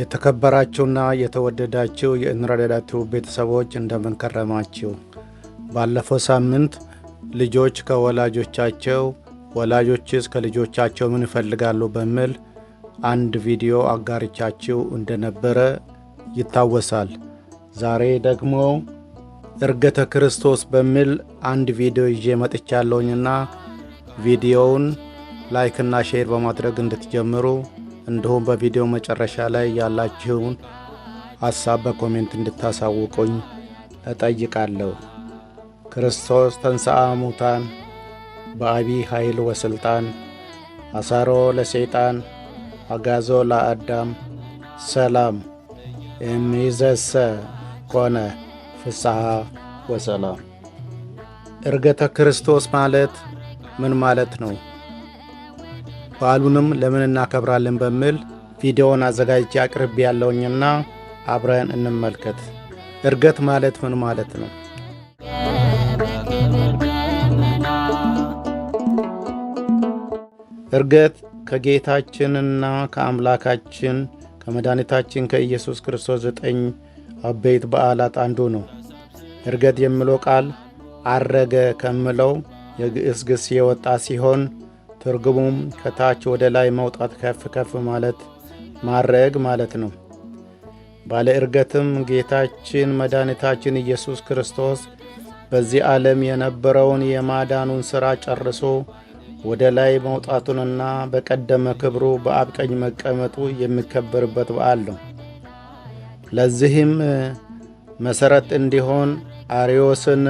የተከበራችሁና የተወደዳችሁ የእንረዳዳቱ ቤተሰቦች እንደምንከረማችሁ። ባለፈው ሳምንት ልጆች ከወላጆቻቸው ወላጆችስ ከልጆቻቸው ምን ይፈልጋሉ በሚል አንድ ቪዲዮ አጋርቻችሁ እንደነበረ ይታወሳል። ዛሬ ደግሞ እርገተ ክርስቶስ በሚል አንድ ቪዲዮ ይዤ መጥቻለሁኝና ቪዲዮውን ላይክና ሼር በማድረግ እንድትጀምሩ እንዲሁም በቪዲዮ መጨረሻ ላይ ያላችሁን ሐሳብ በኮሜንት እንድታሳውቁኝ እጠይቃለሁ። ክርስቶስ ተንሥአ ሙታን በአቢይ ኃይል ወሥልጣን አሳሮ ለሰይጣን አጋዞ ለአዳም ሰላም እምይእዜሰ ኮነ ፍስሐ ወሰላም። እርገተ ክርስቶስ ማለት ምን ማለት ነው? በዓሉንም ለምን እናከብራለን በሚል ቪዲዮውን አዘጋጅቼ አቅርቤ ያለውኝና አብረን እንመልከት። እርገት ማለት ምን ማለት ነው? እርገት ከጌታችንና ከአምላካችን ከመድኃኒታችን ከኢየሱስ ክርስቶስ ዘጠኝ አበይት በዓላት አንዱ ነው። እርገት የሚለው ቃል አረገ ከምለው የግእስግስ ግስ የወጣ ሲሆን ትርጉሙም ከታች ወደ ላይ መውጣት፣ ከፍ ከፍ ማለት፣ ማረግ ማለት ነው። ባለ እርገትም ጌታችን መድኃኒታችን ኢየሱስ ክርስቶስ በዚህ ዓለም የነበረውን የማዳኑን ሥራ ጨርሶ ወደ ላይ መውጣቱንና በቀደመ ክብሩ በአብ ቀኝ መቀመጡ የሚከበርበት በዓል ነው። ለዚህም መሠረት እንዲሆን አርዮስን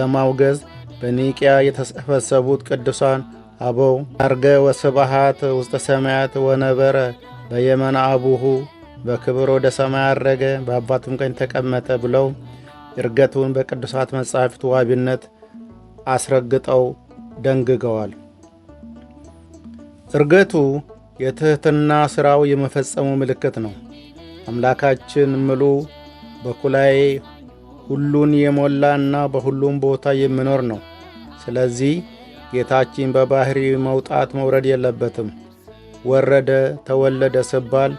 ለማውገዝ በኒቅያ የተሰበሰቡት ቅዱሳን አበው አርገ ወስብሃት ውስጥ ሰማያት ወነበረ በየመና አቡሁ በክብር ወደ ሰማይ አረገ በአባቱም ቀኝ ተቀመጠ ብለው እርገቱን በቅዱሳት መጻሕፍት ዋቢነት አስረግጠው ደንግገዋል። እርገቱ የትሕትና ሥራው የመፈጸሙ ምልክት ነው። አምላካችን ምሉ በኩላዬ ሁሉን የሞላና በሁሉም ቦታ የሚኖር ነው። ስለዚህ ጌታችን በባሕሪ መውጣት መውረድ የለበትም። ወረደ ተወለደ ስባል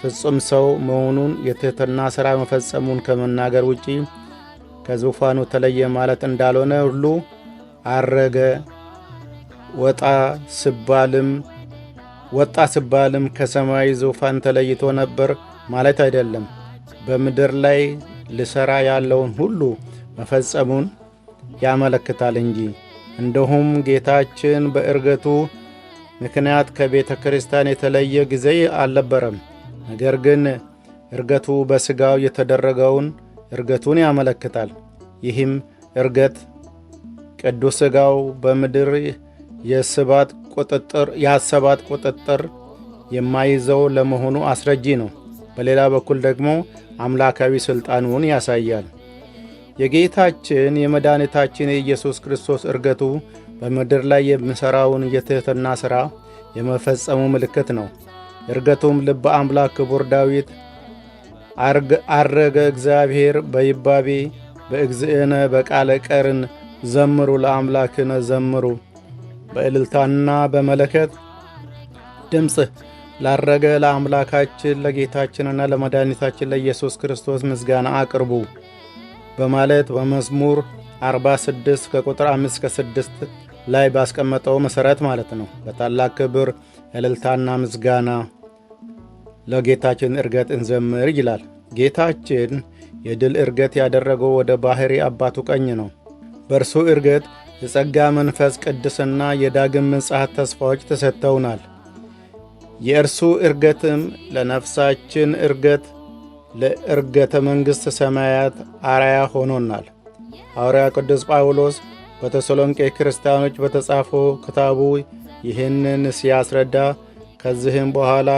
ፍጹም ሰው መሆኑን የትሕትና ሥራ መፈጸሙን ከመናገር ውጪ ከዙፋኑ ተለየ ማለት እንዳልሆነ ሁሉ አረገ ወጣ ስባልም ወጣ ስባልም ከሰማያዊ ዙፋን ተለይቶ ነበር ማለት አይደለም። በምድር ላይ ልሠራ ያለውን ሁሉ መፈጸሙን ያመለክታል እንጂ እንደሁም ጌታችን በእርገቱ ምክንያት ከቤተ ክርስቲያን የተለየ ጊዜ አልነበረም። ነገር ግን እርገቱ በሥጋው የተደረገውን እርገቱን ያመለክታል። ይህም እርገት ቅዱስ ሥጋው በምድር የስባት ቁጥጥር የአሰባት ቁጥጥር የማይዘው ለመሆኑ አስረጂ ነው። በሌላ በኩል ደግሞ አምላካዊ ሥልጣኑን ያሳያል። የጌታችን የመድኃኒታችን የኢየሱስ ክርስቶስ እርገቱ በምድር ላይ የምሠራውን የትሕትና ሥራ የመፈጸሙ ምልክት ነው። እርገቱም ልበ አምላክ ክቡር ዳዊት አረገ እግዚአብሔር በይባቤ በእግዚእነ በቃለ ቀርን ዘምሩ ለአምላክነ ዘምሩ፣ በእልልታና በመለከት ድምፅ ላረገ ለአምላካችን ለጌታችንና ለመድኃኒታችን ለኢየሱስ ክርስቶስ ምስጋና አቅርቡ። በማለት በመዝሙር 46 ከቁጥር 5 ከ 6 ላይ ባስቀመጠው መሠረት ማለት ነው። በታላቅ ክብር እልልታና ምስጋና ለጌታችን እርገት እንዘምር ይላል። ጌታችን የድል እርገት ያደረገው ወደ ባሕሪ አባቱ ቀኝ ነው። በእርሱ እርገት የጸጋ መንፈስ ቅድስና፣ የዳግም ምጽአት ተስፋዎች ተሰጥተውናል። የእርሱ እርገትም ለነፍሳችን እርገት ለእርገተ መንግሥት ሰማያት አራያ ሆኖናል። ሐዋርያ ቅዱስ ጳውሎስ በተሰሎንቄ ክርስቲያኖች በተጻፈው ክታቡ ይህንን ሲያስረዳ ከዚህም በኋላ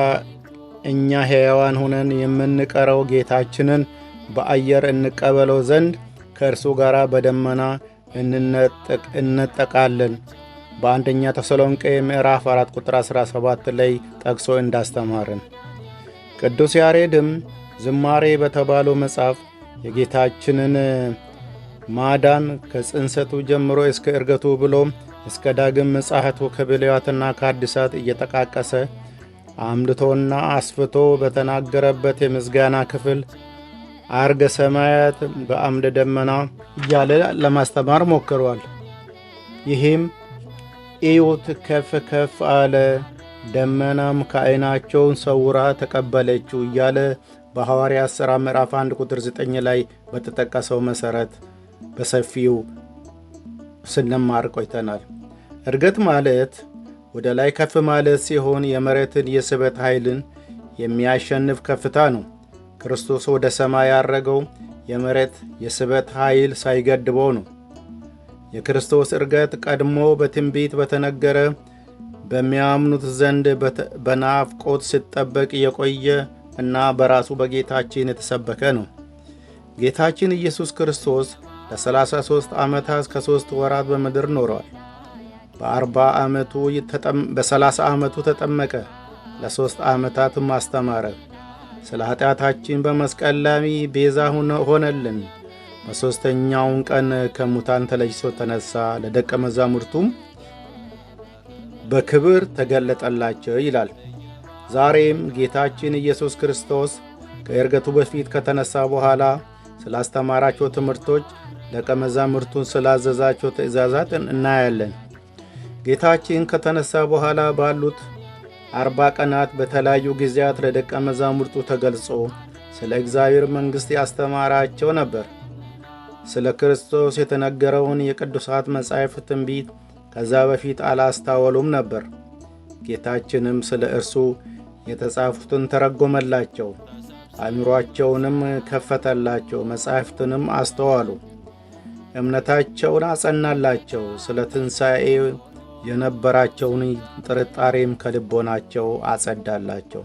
እኛ ሕያዋን ሆነን የምንቀረው ጌታችንን በአየር እንቀበለው ዘንድ ከእርሱ ጋር በደመና እንጠቃለን። በአንደኛ ተሰሎንቄ ምዕራፍ 4 ቁጥር 17 ላይ ጠቅሶ እንዳስተማርን ቅዱስ ያሬድም ዝማሬ በተባለው መጽሐፍ የጌታችንን ማዳን ከጽንሰቱ ጀምሮ እስከ እርገቱ ብሎም እስከ ዳግም ምጽአቱ ከብሉያትና ከአዲሳት እየጠቃቀሰ አምድቶና አስፍቶ በተናገረበት የምስጋና ክፍል አርገ ሰማያት በአምደ ደመና እያለ ለማስተማር ሞክሯል። ይህም ኢዩት ከፍ ከፍ አለ፣ ደመናም ከዐይናቸውን ሰውራ ተቀበለችው እያለ በሐዋርያ ሥራ ምዕራፍ 1 ቁጥር 9 ላይ በተጠቀሰው መሠረት በሰፊው ስንማር ቆይተናል። እርገት ማለት ወደ ላይ ከፍ ማለት ሲሆን የመሬትን የስበት ኃይልን የሚያሸንፍ ከፍታ ነው። ክርስቶስ ወደ ሰማይ ያረገው የመሬት የስበት ኃይል ሳይገድበው ነው። የክርስቶስ እርገት ቀድሞ በትንቢት በተነገረ በሚያምኑት ዘንድ በናፍቆት ሲጠበቅ የቆየ እና በራሱ በጌታችን የተሰበከ ነው። ጌታችን ኢየሱስ ክርስቶስ ለ33 ዓመታት ከሦስት ወራት በምድር ኖረዋል። በአርባ ዓመቱ በሰላሳ ዓመቱ ተጠመቀ። ለሦስት ዓመታትም አስተማረ። ስለ ኀጢአታችን በመስቀል ላይ ቤዛ ሆነልን። በሦስተኛውን ቀን ከሙታን ተለይሶ ተነሣ። ለደቀ መዛሙርቱም በክብር ተገለጠላቸው ይላል። ዛሬም ጌታችን ኢየሱስ ክርስቶስ ከእርገቱ በፊት ከተነሳ በኋላ ስላስተማራቸው ትምህርቶች ደቀ መዛሙርቱን ስላዘዛቸው ትእዛዛት እናያለን። ጌታችን ከተነሳ በኋላ ባሉት አርባ ቀናት በተለያዩ ጊዜያት ለደቀ መዛሙርቱ ተገልጾ ስለ እግዚአብሔር መንግሥት ያስተማራቸው ነበር። ስለ ክርስቶስ የተነገረውን የቅዱሳት መጻሕፍ ትንቢት ከዛ በፊት አላስታወሉም ነበር። ጌታችንም ስለ እርሱ የተጻፉትን ተረጎመላቸው፣ አእምሮአቸውንም ከፈተላቸው፣ መጻሕፍትንም አስተዋሉ፣ እምነታቸውን አጸናላቸው። ስለ ትንሣኤ የነበራቸውን ጥርጣሬም ከልቦናቸው አጸዳላቸው።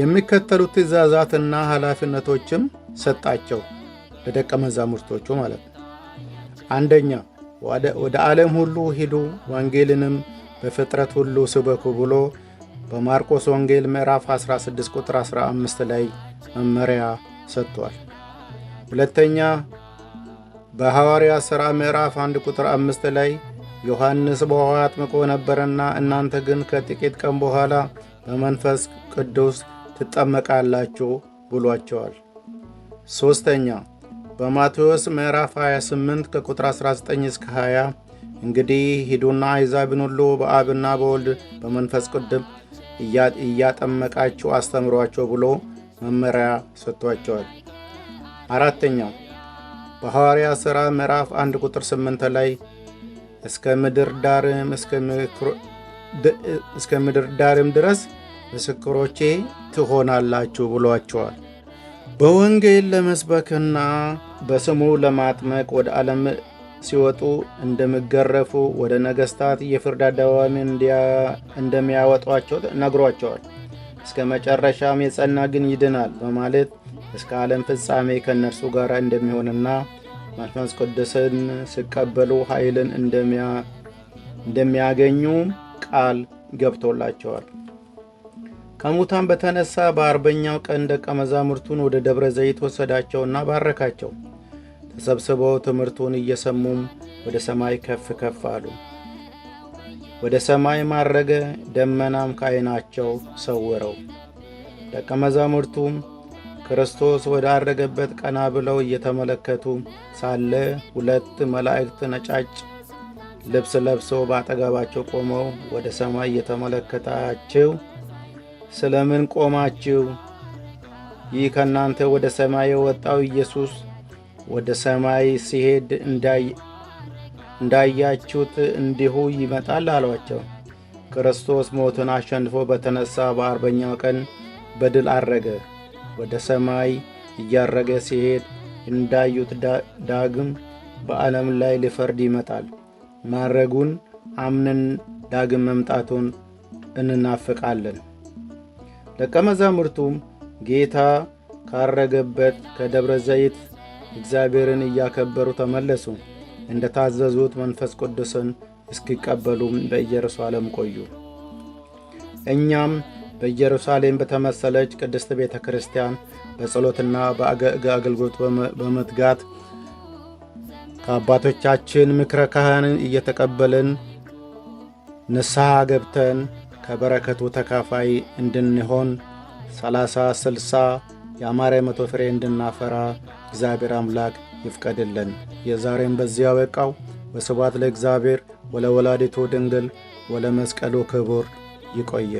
የሚከተሉት ትእዛዛትና ኃላፊነቶችም ሰጣቸው፣ ለደቀ መዛሙርቶቹ ማለት ነው። አንደኛ ወደ ዓለም ሁሉ ሂዱ፣ ወንጌልንም በፍጥረት ሁሉ ስበኩ ብሎ በማርቆስ ወንጌል ምዕራፍ 16 ቁጥር 15 ላይ መመሪያ ሰጥቷል። ሁለተኛ በሐዋርያ ሥራ ምዕራፍ 1 ቁጥር 5 ላይ ዮሐንስ በውሃ አጥምቆ ነበርና እናንተ ግን ከጥቂት ቀን በኋላ በመንፈስ ቅዱስ ትጠመቃላችሁ ብሏቸዋል። ሦስተኛ በማቴዎስ ምዕራፍ 28 ከቁጥር 19 እስከ 20 እንግዲህ ሂዱና አሕዛብን ሁሉ በአብና በወልድ በመንፈስ ቅዱስ እያጠመቃችሁ አስተምሯቸው ብሎ መመሪያ ሰጥቷቸዋል። አራተኛው በሐዋርያ ሥራ ምዕራፍ 1 ቁጥር 8 ላይ እስከ ምድር ዳርም እስከ ምድር ዳርም ድረስ ምስክሮቼ ትሆናላችሁ ብሏቸዋል። በወንጌል ለመስበክና በስሙ ለማጥመቅ ወደ ዓለም ሲወጡ እንደሚገረፉ ወደ ነገስታት የፍርድ አደባባይ እንደሚያወጧቸው ነግሯቸዋል። እስከ መጨረሻም የጸና ግን ይድናል በማለት እስከ ዓለም ፍጻሜ ከእነርሱ ጋር እንደሚሆንና መንፈስ ቅዱስን ሲቀበሉ ኃይልን እንደሚያገኙ ቃል ገብቶላቸዋል። ከሙታን በተነሳ በአርበኛው ቀን ደቀ መዛሙርቱን ወደ ደብረ ዘይት ወሰዳቸውና ባረካቸው። ተሰብስበው ትምህርቱን እየሰሙም ወደ ሰማይ ከፍ ከፍ አሉ። ወደ ሰማይ ማረገ፣ ደመናም ከዐይናቸው ሰውረው። ደቀ መዛሙርቱም ክርስቶስ ወደ አረገበት ቀና ብለው እየተመለከቱ ሳለ ሁለት መላእክት ነጫጭ ልብስ ለብሰው በአጠገባቸው ቆመው ወደ ሰማይ እየተመለከታችሁ ስለምን ቆማችሁ? ይህ ከእናንተ ወደ ሰማይ የወጣው ኢየሱስ ወደ ሰማይ ሲሄድ እንዳያችሁት እንዲሁ ይመጣል አሏቸው። ክርስቶስ ሞትን አሸንፎ በተነሳ በአርበኛው ቀን በድል አረገ። ወደ ሰማይ እያረገ ሲሄድ እንዳዩት ዳግም በዓለም ላይ ሊፈርድ ይመጣል። ማረጉን አምነን ዳግም መምጣቱን እንናፍቃለን። ደቀ መዛሙርቱም ጌታ ካረገበት ከደብረ ዘይት እግዚአብሔርን እያከበሩ ተመለሱ። እንደ ታዘዙት መንፈስ ቅዱስን እስኪቀበሉም በኢየሩሳሌም ቆዩ። እኛም በኢየሩሳሌም በተመሰለች ቅድስት ቤተ ክርስቲያን በጸሎትና በአገልግሎት በመትጋት ከአባቶቻችን ምክረ ካህን እየተቀበልን ንስሐ ገብተን ከበረከቱ ተካፋይ እንድንሆን 30 60 የአማረ መቶ ፍሬ እንድናፈራ እግዚአብሔር አምላክ ይፍቀድልን። የዛሬም በዚህ ያበቃው። ወስብሐት ለእግዚአብሔር ወለወላዲቱ ድንግል ወለመስቀሉ ክቡር። ይቆየ